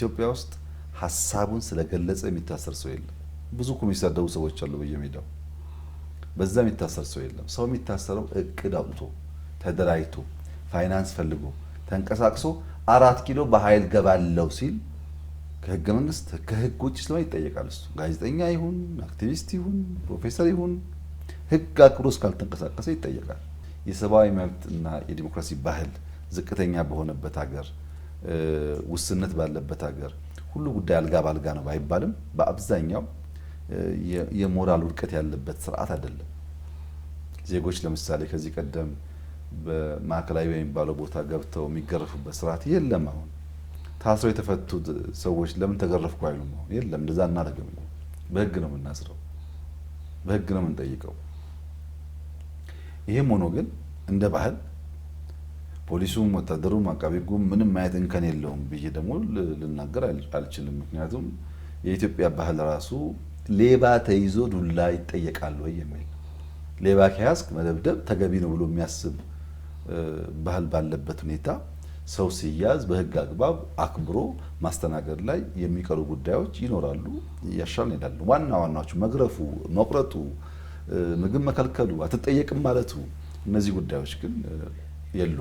ኢትዮጵያ ውስጥ ሀሳቡን ስለገለጸ የሚታሰር ሰው የለም። ብዙ እኮ የሚሳደቡ ሰዎች አሉ በየሜዳው፣ በዛ የሚታሰር ሰው የለም። ሰው የሚታሰረው እቅድ አውጥቶ ተደራጅቶ ፋይናንስ ፈልጎ ተንቀሳቅሶ አራት ኪሎ በኃይል ገባለው ሲል ከህገ መንግስት ከህግ ውጭ ስለሆነ ይጠየቃል። እሱ ጋዜጠኛ ይሁን አክቲቪስት ይሁን ፕሮፌሰር ይሁን ህግ አክብሮ እስካልተንቀሳቀሰ ይጠየቃል። የሰብአዊ መብትና የዲሞክራሲ ባህል ዝቅተኛ በሆነበት ሀገር ውስንነት ባለበት ሀገር ሁሉ ጉዳይ አልጋ ባልጋ ነው ባይባልም በአብዛኛው የሞራል ውድቀት ያለበት ስርዓት አይደለም። ዜጎች ለምሳሌ ከዚህ ቀደም በማዕከላዊ በሚባለው ቦታ ገብተው የሚገረፉበት ስርዓት የለም። አሁን ታስረው የተፈቱት ሰዎች ለምን ተገረፍኩ አይሉም። አሁን የለም፣ እንደዛ እናደርግም። በህግ ነው የምናስረው፣ በህግ ነው የምንጠይቀው። ይህም ሆኖ ግን እንደ ባህል ፖሊሱም ወታደሩም አቃቢ ሕጉም ምንም ማየት እንከን የለውም ብዬ ደግሞ ልናገር አልችልም። ምክንያቱም የኢትዮጵያ ባህል ራሱ ሌባ ተይዞ ዱላ ይጠየቃል ወይ የሚል ሌባ ከያዝክ መደብደብ ተገቢ ነው ብሎ የሚያስብ ባህል ባለበት ሁኔታ ሰው ሲያዝ በህግ አግባብ አክብሮ ማስተናገድ ላይ የሚቀሩ ጉዳዮች ይኖራሉ። እያሻልን እንሄዳለን። ዋና ዋናዎቹ መግረፉ፣ መቁረጡ፣ ምግብ መከልከሉ፣ አትጠየቅም ማለቱ እነዚህ ጉዳዮች ግን የሉም።